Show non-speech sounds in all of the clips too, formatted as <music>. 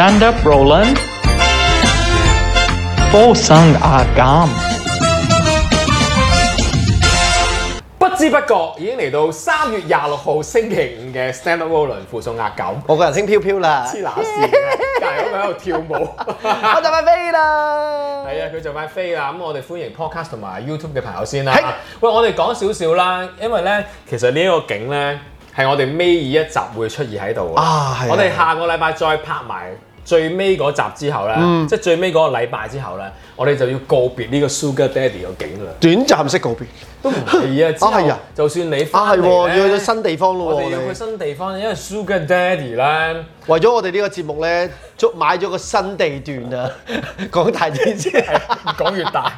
Stand up, Roland。full o s 附送阿九。不知不覺已經嚟到三月廿六號星期五嘅 Stand up, Roland 附送阿九。我個人輕飄飄啦。黐乸線啊！隔籬咁喺度跳舞。 <laughs> <laughs> 我就快飛啦。係啊，佢就快飛啦。咁我哋歡迎 Podcast 同埋 YouTube 嘅朋友先啦。啊、喂，我哋講少少啦，因為咧，其實呢一個景咧係我哋尾二一集會出現喺度啊，我哋下個禮拜再拍埋。最尾嗰集之後咧、嗯，即係最尾嗰個禮拜之後咧，我哋就要告別呢個 Sugar Daddy 個景啦。短暫式告別都唔係啊！啊係啊！就算你翻嚟，啊係、啊、要去咗新地方咯。我哋要去新地方，因為 Sugar Daddy 咧，為咗我哋呢個節目咧，捉買咗個新地段啊。 <laughs> 講大啲先、 <laughs> 啊，講越大，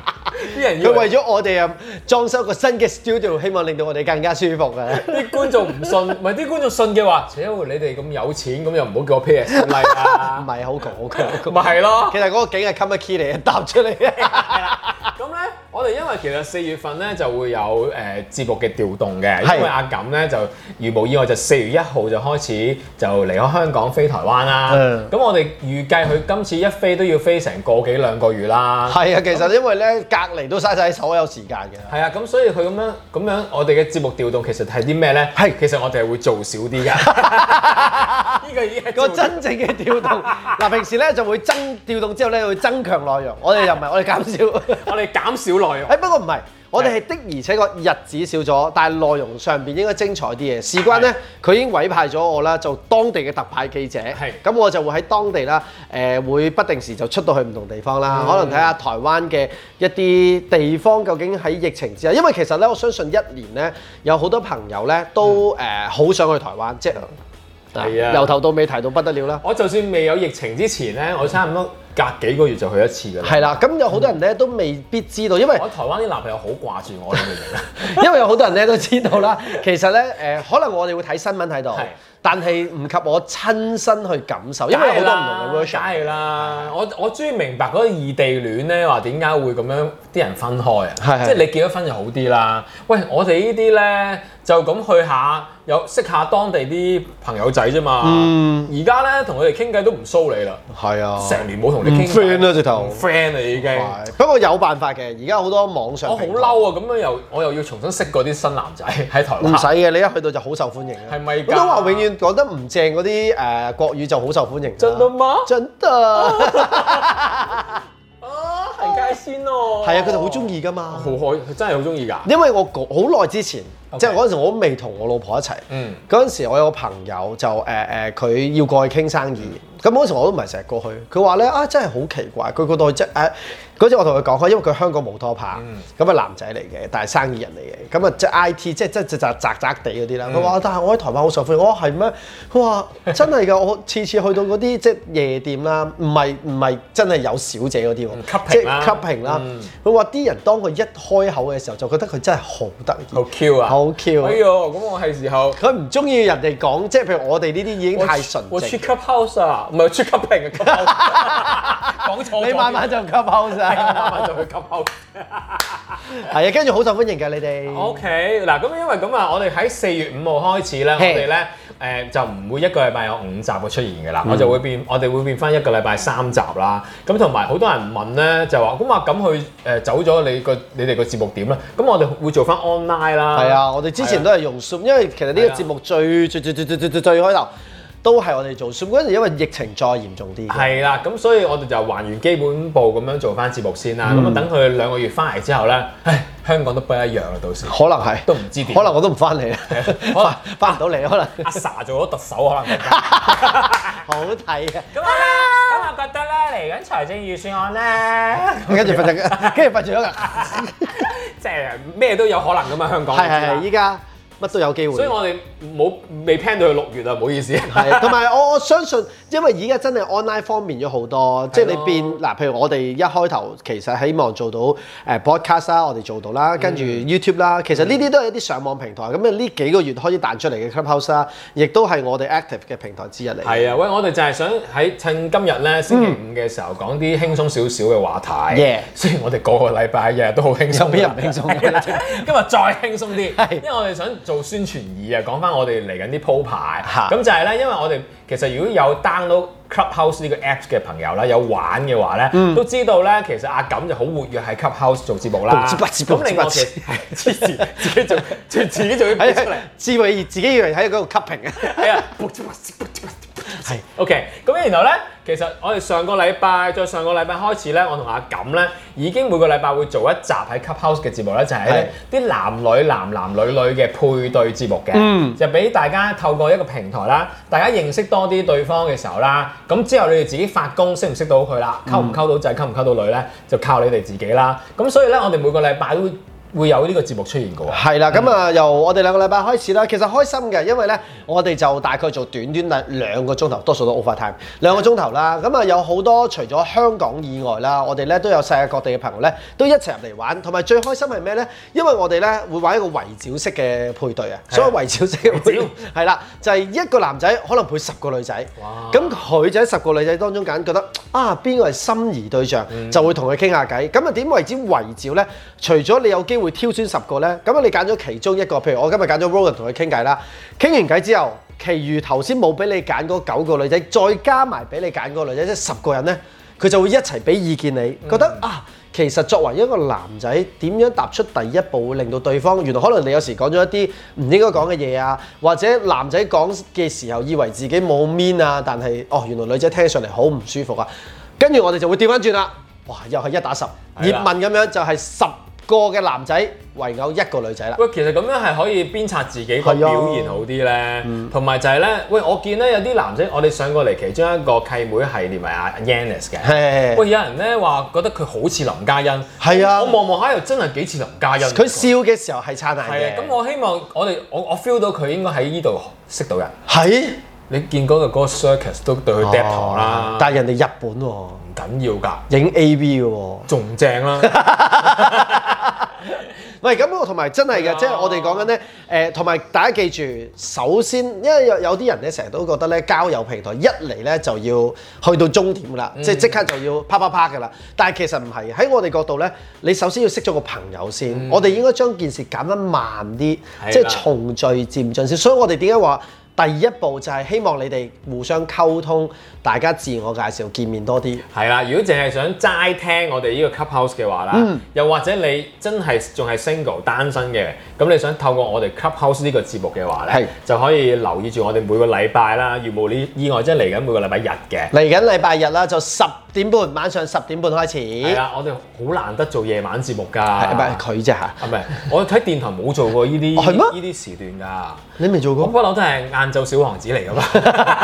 啲 <laughs> 人佢為咗我哋啊，裝修個新嘅 studio，希望令到我哋更加舒服嘅、啊。啲 <laughs> 觀眾唔信，唔係啲觀眾信嘅話，且你哋咁有錢，咁又唔好叫我 pair 嚟啊！ <laughs> 好窮好窮，咪係咯！其實嗰個景係 camera key 嚟嘅，搭出嚟嘅。咁 <laughs> 咧對了。 <laughs> 我哋因為其實四月份咧就會有誒節目嘅調動嘅，因為阿錦咧就如無意外就四月一號就開始就離開香港飛台灣啦。咁我哋預計佢今次一飛都要飛成個幾兩個月啦。係啊，其實因為咧隔離都嘥曬所有時間嘅。係啊，咁所以佢咁樣咁樣，我哋嘅節目調動其實係啲咩咧？係，其實我哋係會做少啲㗎。呢 <laughs> <laughs> 個已經做、這個真正嘅調動。嗱、 <laughs> 啊，平時咧就會增調動之後咧會增強內容，我哋又唔係我哋減少， <laughs> 我哋減少。哎、欸，不過唔係，我哋的而且確日子少咗，但係內容上邊應該精彩啲嘅。事關呢，佢已經委派咗我啦，做當地嘅特派記者。係，咁我就會喺當地啦，誒、呃，會不定時就出到去唔同地方啦，嗯、可能睇下台灣嘅一啲地方究竟喺疫情之下，因為其實呢，我相信一年呢，有好多朋友呢都誒、呃、好想去台灣、嗯、即係、呃啊、由頭到尾提到不得了啦。我就算未有疫情之前呢，我差唔多、嗯，隔幾個月就去一次㗎啦。係啦、啊，咁有好多人咧、嗯、都未必知道，因為我台灣啲男朋友好掛住我嘅 <laughs> 因為有好多人咧 <laughs> 都知道啦，其實咧、呃、可能我哋會睇新聞睇到，但係唔及我親身去感受，因為好多唔同嘅 version。梗係啦，我我終於明白嗰異地戀咧話點解會咁樣啲人分開啊，即係、就是、你結咗婚就好啲啦。喂，我哋呢啲咧就咁去下。有識一下當地啲朋友仔啫嘛，而家咧同佢哋傾偈都唔騷你啦，係啊，成年冇同你傾偈，friend 啦直頭，friend 啊已經。不過、啊啊、有辦法嘅，而家好多網上好嬲、哦、啊，咁樣又我又要重新識嗰啲新男仔喺台唔使嘅，你一去到就好受歡迎啦。係咪？我都話永遠講得唔正嗰啲誒國語就好受歡迎的，真得嗎？真得。 <laughs> <laughs> <laughs> <laughs> <laughs> 是啊，行街先咯。係啊，佢哋好中意噶嘛，好可，真係好中意噶。因為我好耐之前。Okay. 即係嗰陣時我都未同我老婆一齊，嗰、嗯、陣時我有個朋友就誒誒，佢、呃呃、要過去傾生意。咁、那、嗰、個、時我都唔係成日過去。佢話咧啊，真係好奇怪。佢覺得即係誒嗰陣我同佢講開，因為佢香港冇拖拍，咁係男仔嚟嘅，但係生，生意人嚟嘅，咁啊即係 I T，即係即係就係宅宅地嗰啲啦。佢、嗯、話：但係我喺台灣好受歡迎。我話係咩？佢話真係㗎，我次 <laughs> 次去到嗰啲即係夜店啦、啊，唔係唔係真係有小姐嗰啲喎，即係吸平啦、啊。佢話啲人當佢一開口嘅時、啊啊哎、時候，就覺得佢真係好得意。好 Q 啊！好 Q！哎呦，咁我係時候。佢唔中意人哋講，即係譬如我哋呢啲已經太純淨。我住 club house 啊！唔係出級評，講 <laughs> 錯了。 <laughs> 你慢慢就級拋曬，慢慢就會級拋。係啊，跟住好受歡迎㗎，你哋。O K，嗱咁因為咁啊，我哋喺四月五號開始咧，我哋咧誒就唔會一個禮拜有五集嘅出現㗎啦、嗯。我就會變，我哋會變翻一個禮拜三集啦。咁同埋好多人問咧，就話咁啊咁去誒走咗你個你哋個節目點咧？咁我哋會做翻 online 啦。係啊，我哋之前都係用 Zoom，、啊、因為其實呢個節目最，、啊、最最最最最最最開頭。都係我哋做，嗰陣時因為疫情再嚴重啲。係啦，咁所以我哋就還原基本步咁樣做翻節目先啦。咁、嗯、啊，等佢兩個月翻嚟之後咧，唉，香港都不一樣啦，到時。可能係。都唔知點。可能我都唔翻嚟啦，可能翻唔到嚟，可能。阿、啊、Sa 做咗特首，可能。 <laughs> 好睇啊！咁啊，咁我覺得咧，嚟緊財政預算案咧，跟住發出，跟住發出咗，即係咩都有可能噶嘛，香港。係 <laughs> 係，依家。乜都有機會，所以我哋冇未 plan 到去六月啊，唔好意思。係，同埋我我相信，因為而家真係 online 方便咗好多，即係你變嗱，譬如我哋一開頭其實希望做到 b podcast 啦，我哋做到啦，跟住 YouTube 啦、嗯，其實呢啲都係一啲上網平台，咁、嗯、呢幾個月開始彈出嚟嘅 clubhouse 啦，亦都係我哋 active 嘅平台之一嚟。係啊，喂，我哋就係想喺趁今日咧星期五嘅時候講啲輕鬆少少嘅話題。耶、嗯！雖然我哋個個禮拜日都好輕鬆，邊人唔輕鬆？今日再輕鬆啲，因為我哋想。做宣傳意啊！講返我哋嚟緊啲鋪排，咁就係咧，因為我哋其實如果有 download Clubhouse 呢個 Apps 嘅朋友啦，有玩嘅話咧、嗯，都知道咧，其實阿錦就好活躍喺 Clubhouse 做節目啦。咁另外自己做，自己做啲嘢出嚟，自以為自己喺度吸評，係呀，係呀。OK，咁然後咧？其實我哋上個禮拜，再上個禮拜開始咧，我同阿錦咧已經每個禮拜會做一集喺 Clubhouse 嘅節目咧，就係啲男女男男女女嘅配對節目嘅、嗯，就俾大家透過一個平台啦，大家認識多啲對方嘅時候啦，咁之後你哋自己發工識唔識到佢啦，溝唔溝到仔，溝唔溝到女咧，就靠你哋自己啦。咁所以咧，我哋每個禮拜都。會有呢個節目出現過。係啦，咁啊，由我哋兩個禮拜開始啦。其實開心嘅，因為呢，我哋就大概做短短兩兩個鐘頭，多數都 over time 兩個鐘頭啦。咁啊，有好多除咗香港以外啦，我哋呢都有世界各地嘅朋友呢，都一齊入嚟玩。同埋最開心係咩呢？因為我哋呢會玩一個圍剿式嘅配對啊，所謂圍剿式係啦，就係、是、一個男仔可能配十個女仔，咁佢就喺十個女仔當中揀覺得。啊，邊個係心儀對象，嗯、就會同佢傾下偈。咁啊，點為之圍照呢？除咗你有機會挑選十個呢，咁啊，你揀咗其中一個，譬如我今日揀咗 Roland 同佢傾偈啦。傾完偈之後，其餘頭先冇俾你揀嗰九個女仔，再加埋俾你揀嗰個女仔，即十個人呢，佢就會一齊俾意見你、嗯，覺得啊。其實作為一個男仔，點樣踏出第一步會令到對方原來可能你有時講咗一啲唔應該講嘅嘢啊，或者男仔講嘅時候以為自己冇 mean 啊，但係哦原來女仔聽上嚟好唔舒服啊，跟住我哋就會調翻轉啦，哇又係一打十，葉問咁樣就係十。一個嘅男仔唯有一個女仔啦。喂，其實咁樣係可以鞭策自己去表現好啲咧，同埋、嗯、就係、是、咧，喂，我見咧有啲男仔，我哋上過嚟其中一個契妹係列為阿 Yannis 嘅。係。喂，有人咧話覺得佢好似林嘉欣。係啊、那個。我望望喺度，真係幾似林嘉欣。佢笑嘅時候係差大嘅。係，咁我希望我哋我我 feel 到佢應該喺呢度識到人。係。你見嗰個嗰個 circus 都對佢 dab e、啊、啦。但係人哋日本喎、哦，唔緊要㗎。影 AV 嘅喎，仲正啦。 <laughs> <laughs> 喂，咁、啊、我同埋真係嘅，即係我哋講緊呢，同埋大家記住，首先，因為有有啲人呢成日都覺得呢，交友平台一嚟呢就要去到終點㗎啦，即係即刻就要啪啪啪㗎啦。但係其實唔係，喺我哋角度呢，你首先要識咗個朋友先。嗯、我哋應該將件事揀得慢啲，即、就、係、是、循序漸進先。所以我哋點解話？第一步就係希望你哋互相溝通，大家自我介紹，見面多啲。係啦，如果淨係想齋聽我哋呢個 cup house 嘅話啦、嗯，又或者你真係仲係 single 單身嘅，咁你想透過我哋 cup house 呢個節目嘅話呢，就可以留意住我哋每個禮拜啦。如冇呢意外，即係嚟緊每個禮拜日嘅。嚟緊禮拜日啦，就十點半，晚上十點半開始。係啦，我哋好難得做夜晚節目㗎。唔係佢啫嚇，係咪 <laughs> 我睇電台冇做過呢啲呢啲時段㗎。你未做過？不嬲都係晏晝小王子嚟㗎嘛，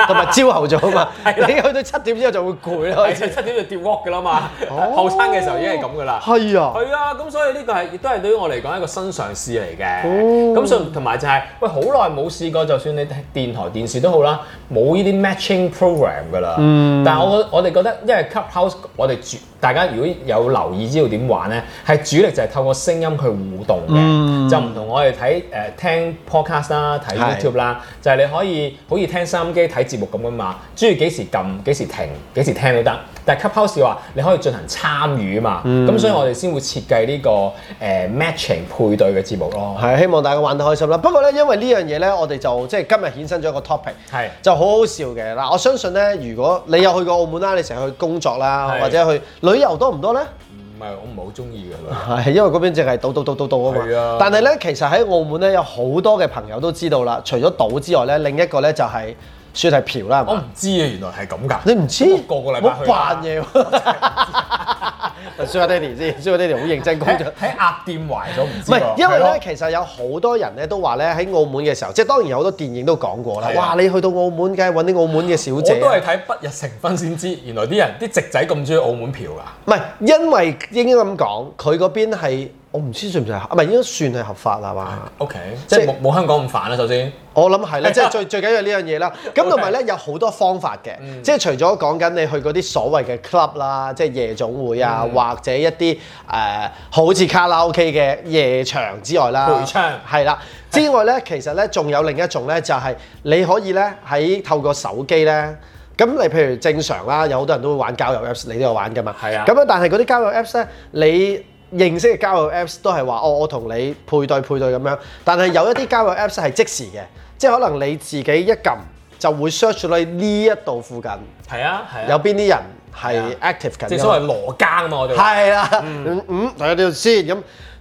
同埋朝頭早，上早上嘛。啊、你去到七點之後就會攰啦、啊，七點就跌 walk 㗎啦嘛、哦。後生嘅時候已經係咁㗎啦。係啊。係啊，咁所以呢個係亦都係對於我嚟講一個新嘗試嚟嘅、哦。咁所以同埋就係、是、喂，好耐冇試過，就算你電台電視都好啦，冇呢啲 matching program 㗎啦。嗯、但係我我哋覺得，因為 Clubhouse，我哋主大家如果有留意知道點玩咧，係主力就係透過聲音去互動嘅，嗯、就唔同我哋睇誒聽 podcast 啦。喺 YouTube 啦，是就係、是、你可以好似聽收音機睇節目咁樣嘛，中意幾時撳、幾時停、幾時聽都得。但係 Cup House 話你可以進行參與啊嘛，咁、嗯、所以我哋先會設計呢、呢個 matching、呃、配對嘅節目咯。希望大家玩得開心啦。不過咧，因為呢樣嘢咧，我哋就即係今日衍生咗一個 topic，就好好笑嘅嗱。我相信咧，如果你有去過澳門啦，你成日去工作啦，或者去旅遊多唔多咧？唔係，我唔係好中意嘅。係因為嗰邊淨係賭賭賭賭賭啊嘛。係啊。但係咧，其實喺澳門咧，有好多嘅朋友都知道啦。除咗賭之外咧，另一個咧就係算係嫖啦，係嘛？我唔知啊，原來係咁㗎。你唔知？我個個禮拜去。扮嘢。 <laughs> Super Daddy 先，Super Daddy 好認真工作。喺鴨店懷咗唔知係，因為咧、啊、其實有好多人咧都話咧喺澳門嘅時候，即係當然有好多電影都講過啦。啊、哇！你去到澳門，梗係揾啲澳門嘅小姐、啊。都係睇《不日成婚》先知道，原來啲人啲直仔咁中意澳門嫖㗎。唔係，因為應該咁講，佢嗰邊係。我唔知算唔算合，唔係應該算係合法係嘛？O K，即係冇冇香港咁煩啦、啊。首先，我諗係咧，即、就、係、是、最 <laughs> 最緊要呢樣嘢啦。咁同埋咧，有好多方法嘅、嗯，即係除咗講緊你去嗰啲所謂嘅 club 啦，即係夜總會啊、嗯，或者一啲誒、呃、好似卡拉 O K 嘅夜場之外啦，陪唱係啦。之外咧，其實咧，仲有另一種咧，就係、是、你可以咧喺透過手機咧，咁你譬如正常啦，有好多人都會玩交友 Apps，你都有玩㗎嘛。係啊。咁樣，但係嗰啲交友 Apps 咧，你。認識嘅交友 Apps 都係話，哦，我同你配對配對咁樣。但係有一啲交友 Apps 係即時嘅，即係可能你自己一撳就會 search 到你呢一度附近。係啊，係啊。有邊啲人係 active 緊？即係所謂羅更啊嘛，我哋。係啊，嗯嗯，睇下點先咁。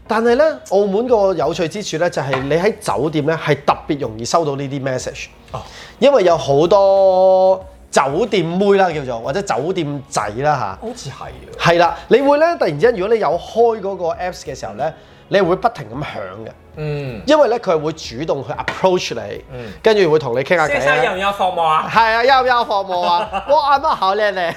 但係咧，澳門個有趣之處咧，就係你喺酒店咧係特別容易收到呢啲 message。哦，因為有好多。酒店妹啦叫做，或者酒店仔啦吓，好似係，係係啦，你會咧突然之間，如果你有開嗰個 Apps 嘅時候咧，你會不停咁響嘅，嗯，因為咧佢會主動去 approach 你，嗯，跟住會同你傾下偈。先生，有唔有服務啊？係啊，有唔有服務啊！哇，阿媽好靚咧，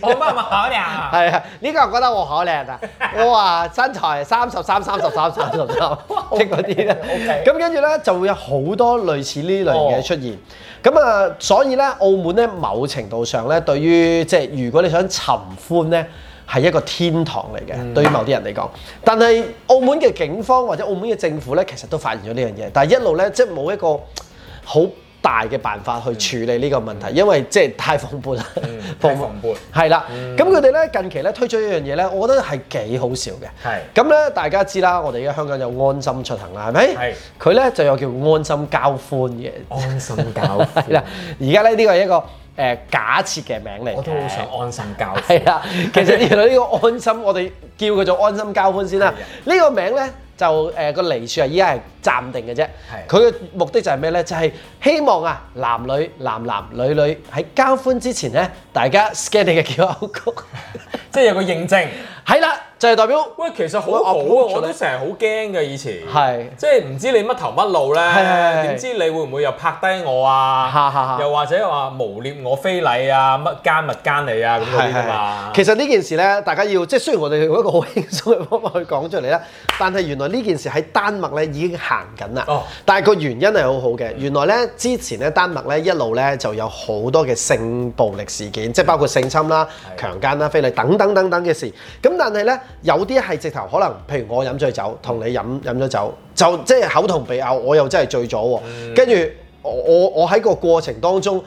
我阿媽好靚啊！係啊，呢、這個我覺得我好靚啊！ <laughs> 哇，身材三十三、三十三、三十三，傾嗰啲啦。咁跟住咧就會有好多類似呢類嘅出現。咁、oh. 啊、嗯，所以咧澳門咧某程度上咧對於即係、就是、如果你想尋歡咧。係一個天堂嚟嘅，對於某啲人嚟講、嗯。但係澳門嘅警方或者澳門嘅政府咧，其實都發現咗呢樣嘢。但係一路咧，即係冇一個好大嘅辦法去處理呢個問題，嗯、因為即係太放盤啦，放盤係啦。咁佢哋咧近期咧推出一樣嘢咧，我覺得係幾好笑嘅。係咁咧，大家知啦，我哋而家香港有安心出行啦，係咪？係佢咧就有叫安心交歡嘅安心交歡。係 <laughs> 啦，而家咧呢、這個係一個。假設嘅名嚟，我都好想安心交歡。係啦，其實原來呢個安心，我哋叫佢做安心交歡先啦。呢、呢個名字呢就誒個嚟處而家係。呃暫定嘅啫，佢嘅目的就係咩咧？就係希望啊，男女男男女女喺交歡之前咧，大家 scan 嘅結果，即係有個認證，係啦，就係代表喂，其實好好啊，我都成日好驚嘅以前，係即係唔知你乜頭乜路咧，點知你會唔會又拍低我啊？又或者話污蔑我非禮啊？乜奸乜奸你啊？咁嗰啲啊嘛。其實呢件事咧，大家要即係雖然我哋用一個好輕鬆嘅方法去講出嚟啦，但係原來呢件事喺丹麥咧已經，行緊啦，但係個原因係好好嘅。原來咧，之前咧，丹麥咧一路咧就有好多嘅性暴力事件，即係包括性侵啦、強姦啦、非禮等等等等嘅事。咁但係咧，有啲係直頭可能，譬如我飲醉酒同你飲飲咗酒，就即係、就是、口同鼻拗，我又真係醉咗喎。跟住我我我喺個過程當中，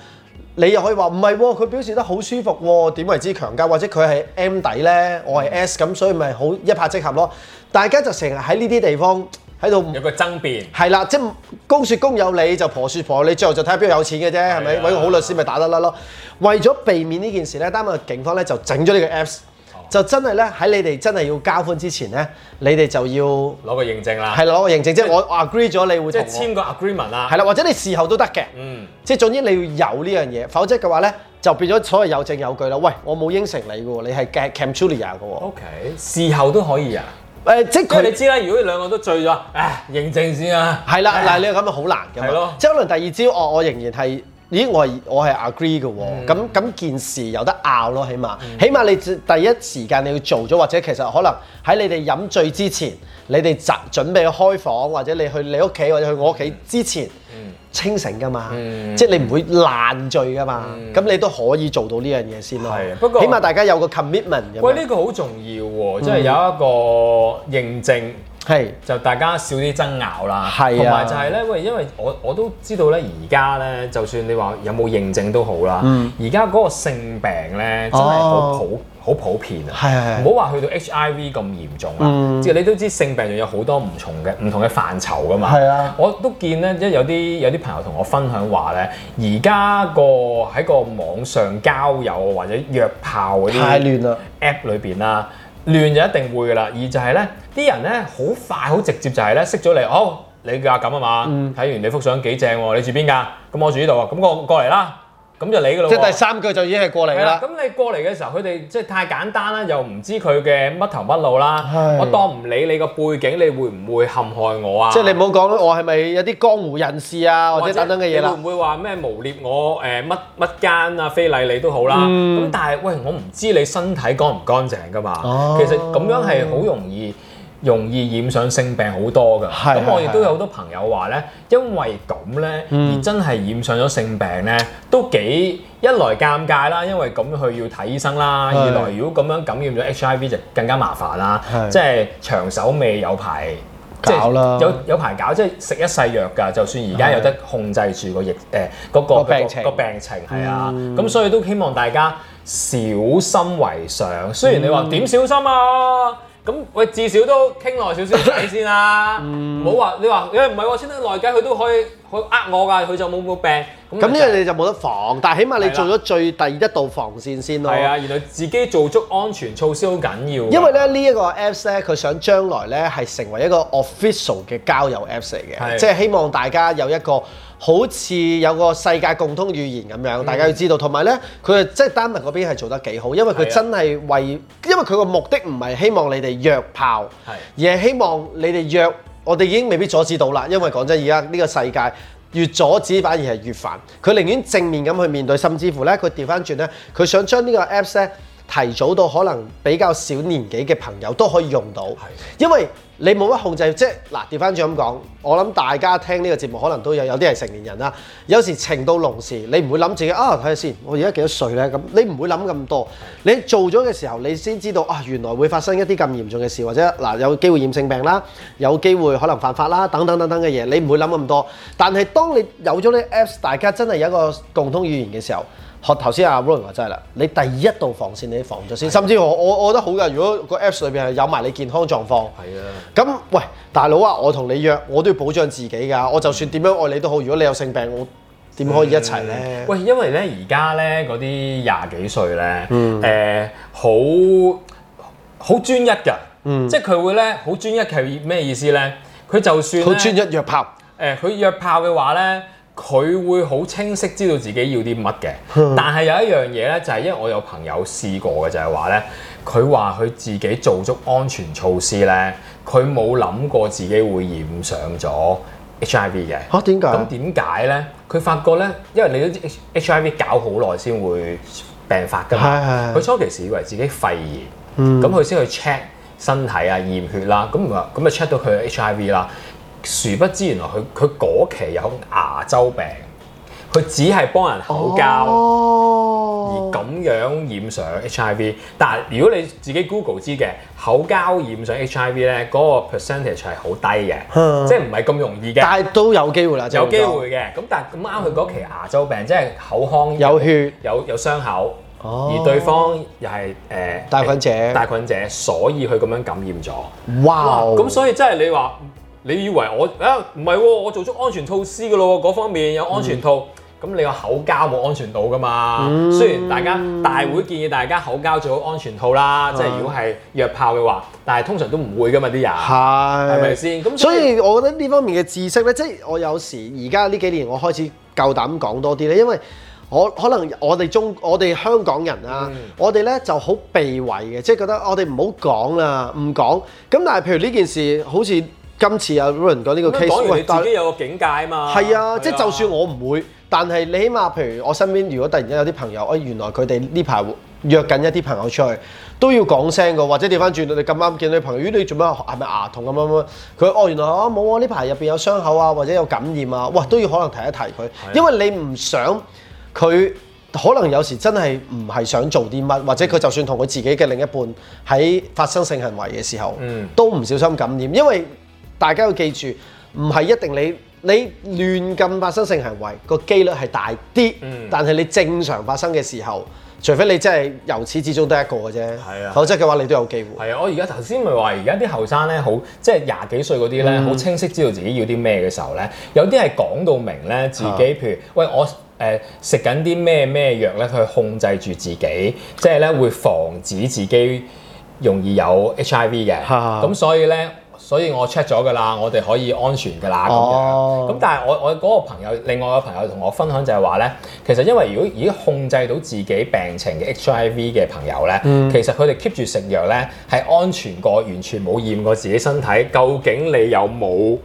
你又可以話唔係佢表示得好舒服喎、哦？點為之強姦？或者佢係 M 底咧，我係 S 咁、嗯，所以咪好一拍即合咯？大家就成日喺呢啲地方。喺度有個爭辯係啦，即公説公有理，就婆説婆，你最後就睇下邊度有錢嘅啫，係咪？揾個好律師咪打得甩咯。為咗避免呢件事咧，丹麥警方咧就整咗呢個 Apps、哦、就真係咧喺你哋真係要交歡之前咧，你哋就要攞個認證啦。係攞個認證即，是即我 agree 咗你會我即簽個 agreement 啊。係啦，或者你事後都得嘅。嗯，即是總之你要有呢樣嘢，否則嘅話咧就變咗所謂有證有據啦。喂，我冇應承你嘅喎，你係 c a m b l e 嘅喎。OK，事後都可以啊。誒、呃、即係你知啦，如果你兩個都醉咗，唉認證先啦。係啦，你你咁咪好難嘅。係咯，可能第二朝我我仍然係。咦，我係我係 agree 嘅喎、哦，咁、嗯、咁件事有得拗咯、哦，起碼起碼你第一時間你要做咗，或者其實可能喺你哋飲醉之前，你哋準準備開房，或者你去你屋企或者去我屋企之前，嗯、清醒噶嘛，嗯、即係你唔會爛醉噶嘛，咁、嗯、你都可以做到呢樣嘢先咯。不過起碼大家有個 commitment。喂，呢、呢個好重要喎、哦，即、嗯、係、就是、有一個認證。係，就大家少啲爭拗啦，同埋、啊、就係、是、咧，喂，因為我我都知道咧，而家咧，就算你話有冇認證都好啦，而家嗰個性病咧真係好普好、哦、普遍啊，唔好話去到 H I V 咁嚴重啦，即、嗯、係你都知性病仲有好多唔同嘅唔同嘅範疇噶嘛、啊，我都見咧，有啲有啲朋友同我分享話咧，而家個喺個網上交友或者約炮嗰啲太亂啦，App 裏面啦，亂就一定會噶啦，二就係咧。啲人咧好快好直接就係咧識咗你，哦你叫阿咁啊嘛，睇完你幅相幾正喎，你住邊㗎？咁我住呢度啊，咁我過嚟啦，咁就你㗎咯。即係第三句就已經係過嚟㗎啦。咁你過嚟嘅時候，佢哋即係太簡單啦，又唔知佢嘅乜頭乜路啦。我當唔理你個背景，你會唔會陷害我啊？即係你唔好講我係咪有啲江湖人士啊，或者等等嘅嘢啦。會唔會話咩污蔑我誒乜乜奸啊、非禮你都好啦？咁但係喂，我唔知你身體乾唔乾淨㗎嘛？其實咁樣係好容易。容易染上性病好多㗎，咁我亦都有好多朋友話呢，因為咁呢，嗯、而真係染上咗性病呢，都幾一來尷尬啦，因為咁去要睇醫生啦；二來如果咁樣感染咗 HIV 就更加麻煩啦，是即係長手尾有排即係有有排搞，即係食一世藥㗎。就算而家有得控制住、嗰個疫誒嗰個病個、嗰個病情係啊，咁、嗯、所以都希望大家小心為上。雖然你話點、嗯、小心啊？咁喂，至少都傾耐少少偈先啦，唔好話你話，誒唔係喎，傾萬耐偈，佢都可以，佢呃我㗎，佢就冇冇病，咁呢樣你就冇得防，但係起碼你做咗最第一道防線先咯。係啊，原來自己做足安全措施好緊要。因為咧呢一個 Apps 咧，佢想將來咧係成為一個 official 嘅交友 Apps 嚟嘅，即係希望大家有一個好似有個世界共通語言咁樣，大家要知道。同埋咧，佢係即係丹麥嗰邊係做得幾好，因為佢真係為因為佢個目的唔係希望你哋約炮，係而係希望你哋約。我哋已經未必阻止到啦。因為講真，而家呢個世界越阻止反而係越煩。佢寧願正面咁去面對，甚至乎呢，佢調翻轉呢，佢想將呢個 apps 呢提早到可能比較少年紀嘅朋友都可以用到。因為。你冇乜控制，即係嗱，調翻轉咁講，我諗大家聽呢個節目可能都有有啲係成年人啦。有時情到濃時，你唔會諗自己啊，睇下先，我而家幾多歲咧？咁你唔會諗咁多。你做咗嘅時候，你先知道啊，原來會發生一啲咁嚴重嘅事，或者嗱、啊，有機會染性病啦，有機會可能犯法啦，等等等等嘅嘢，你唔會諗咁多。但係當你有咗啲 apps，大家真係有一個共通語言嘅時候，學頭先阿 Ron 話齋啦，你第一道防線你先防咗先，甚至我我我覺得好嘅，如果個 apps 裏邊係有埋你健康狀況，係啊。咁喂，大佬啊！我同你約，我都要保障自己㗎。我就算點樣愛你都好，如果你有性病，我點可以一齊呢？喂，因為呢，而家呢嗰啲廿幾歲呢，誒好好專一㗎，嗯、即係佢會呢好專一。係咩意思呢？佢就算好專一約炮、呃，佢約炮嘅話呢，佢會好清晰知道自己要啲乜嘅。嗯、但係有一樣嘢呢，就係、是、因為我有朋友試過嘅，就係話呢，佢話佢自己做足安全措施呢。佢冇諗過自己會染上咗 HIV 嘅嚇，點解咁，點解咧？佢、啊、發覺咧，因為你都知 HIV 搞好耐先會病發㗎嘛。佢初期時以為自己肺炎，咁佢先去 check 身體啊、驗血啦，咁啊、咁啊 check 到佢 HIV 啦。殊不知原來佢佢嗰期有牙周病，佢只係幫人口交。哦而咁樣染上 HIV，但係如果你自己 Google 知嘅，口交染上 HIV 咧、那個，嗰個 percentage 係好低嘅、嗯，即係唔係咁容易嘅，但係都有機會啦，有機會嘅。咁、嗯、但係咁啱佢嗰期牙周病，即係口腔有，有血有有，有傷口、哦，而對方又係誒帶菌者，帶菌者，所以佢咁樣感染咗。哇！咁所以真係你話，你以為我啊唔係喎，我做足安全措施㗎咯，嗰方面有安全套。嗯咁你個口交冇安全到噶嘛，嗯？雖然大家大會建議大家口交做好安全套啦，即、嗯、係如果係約炮嘅話，但係通常都唔會噶嘛啲人，係咪先？咁所，所以我覺得呢方面嘅知識咧，即、就、係、是、我有時而家呢幾年我開始夠膽講多啲咧，因為我可能我哋中我哋香港人啊，嗯、我哋咧就好避諱嘅，即、就、係、是、覺得我哋唔好講啦，唔講。咁但係譬如呢件事，好似今次阿 Run 講呢個 case，講完你自己有個境界啊嘛，係啊，即係、啊啊、就算我唔會。但係你起碼，譬如我身邊，如果突然間有啲朋友，哎，原來佢哋呢排約緊一啲朋友出去，都要講聲嘅。或者調翻轉，你咁啱見到朋友，咦，你做咩？係咪牙痛咁樣？佢哦，原來哦，冇喎呢排入面有傷口啊，或者有感染啊，哇，都要可能提一提佢，因為你唔想佢可能有時真係唔係想做啲乜，或者佢就算同佢自己嘅另一半喺發生性行為嘅時候，嗯、都唔小心感染。因為大家要記住，唔係一定你。你亂禁發生性行為個機率係大啲、嗯，但係你正常發生嘅時候，除非你真係由始至終得一個嘅啫。係啊，否則嘅話你都有機會。係啊，我而家頭先咪話，而家啲後生咧，好即係廿幾歲嗰啲咧，好清晰知道自己要啲咩嘅時候咧、嗯，有啲係講到明咧，自己譬如喂，我誒食緊啲咩咩藥咧，去控制住自己，即係咧會防止自己容易有 HIV 嘅。咁、嗯、所以咧。所以我 check 咗㗎啦，我哋可以安全㗎啦咁樣。咁、哦、但係我我嗰個朋友，另外個朋友同我分享就係話咧，其實因為如果已經控制到自己病情嘅 HIV 嘅朋友咧、嗯，其實佢哋 keep 住食藥咧係安全過完全冇驗過自己身體。究竟你有冇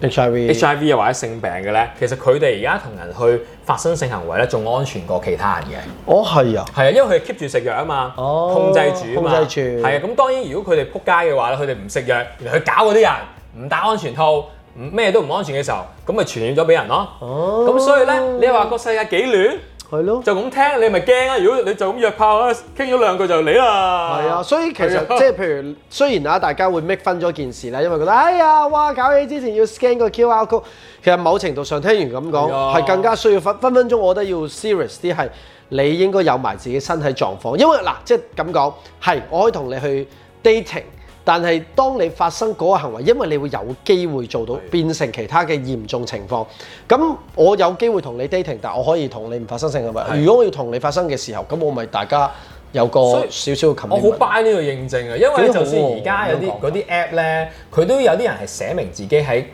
HIV, HIV、HIV 或者性病嘅咧？其實佢哋而家同人去。發生性行為咧，仲安全過其他人嘅。哦，係啊。係啊，因為佢哋 keep 住食藥啊嘛，哦，嘛，控制住啊嘛。係啊，咁當然如果佢哋仆街嘅話咧，佢哋唔食藥嚟去搞嗰啲人，唔打安全套，咩都唔安全嘅時候，咁咪傳染咗俾人咯。哦，咁所以咧，你話個世界幾亂？係咯就，就咁聽你咪驚啊！如果你就咁約炮啦，傾咗兩句就嚟啦。係啊，所以其實即係譬如，雖然啊，大家會 make 分咗件事啦，因為覺得哎呀，哇，搞起之前要 scan 個 QR code。其實某程度上，聽完咁講係更加需要分分，分分鐘，我覺得要 serious 啲係，你應該有埋自己身體狀況。因為嗱，即係咁講係，我可以同你去 dating。但係，當你發生嗰個行為，因為你會有機會做到變成其他嘅嚴重情況。咁我有機會同你 dating，但我可以同你唔發生性行為。如果我要同你發生嘅時候，咁我咪大家有個少少嘅確認。小小我好 buy 呢個認證啊，因為就算而家有啲嗰啲 app 咧，佢都有啲人係寫明自己喺誒，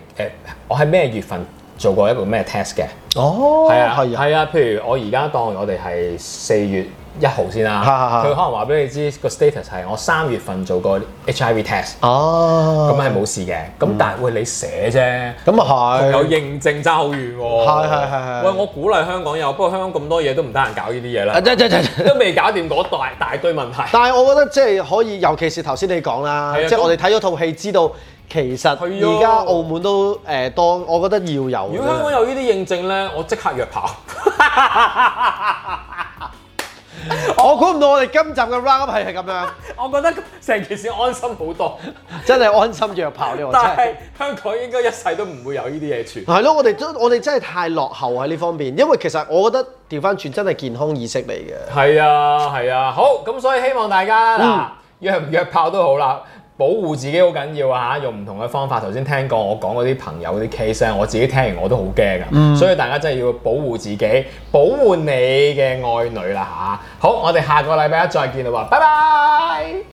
我喺咩月份做過一個咩 test 嘅。哦，係啊，係啊，譬如我而家當我哋係四月。一號先啦，佢可能話俾你知，個 status 係我三月份做過 HIV test，哦、啊。咁係冇事嘅。咁但係喂，你寫啫，咁啊係，有認證爭好遠喎、啊。係係係喂，我鼓勵香港有，不過香港咁多嘢都唔得閒搞呢啲嘢啦，都未搞掂嗰大大堆問題。但係我覺得即係可以，尤其是頭先你講啦，即係我哋睇咗套戲，知道其實佢而家澳門都誒，當、呃、我覺得要有。如果香港有呢啲認證呢，我即刻約炮。 <laughs> <laughs> 我估唔到我哋今集嘅 round up 係係咁樣， <laughs> 我覺得成件事安心好多 <laughs> 真的心，真係安心約炮呢個，但係香港應該一世都唔會有呢啲嘢傳，係咯，我哋都我哋真係太落後喺呢方面，因為其實我覺得調翻轉真係健康意識嚟嘅、啊，係啊係啊，好，咁所以希望大家嗱，約唔約炮都好啦。保護自己好緊要啊！用唔同嘅方法，頭先聽過我講嗰啲朋友啲 case，我自己聽完我都好驚啊！所以大家真係要保護自己，保護你嘅愛女啦嚇！好，我哋下個禮拜一再見啦，拜拜。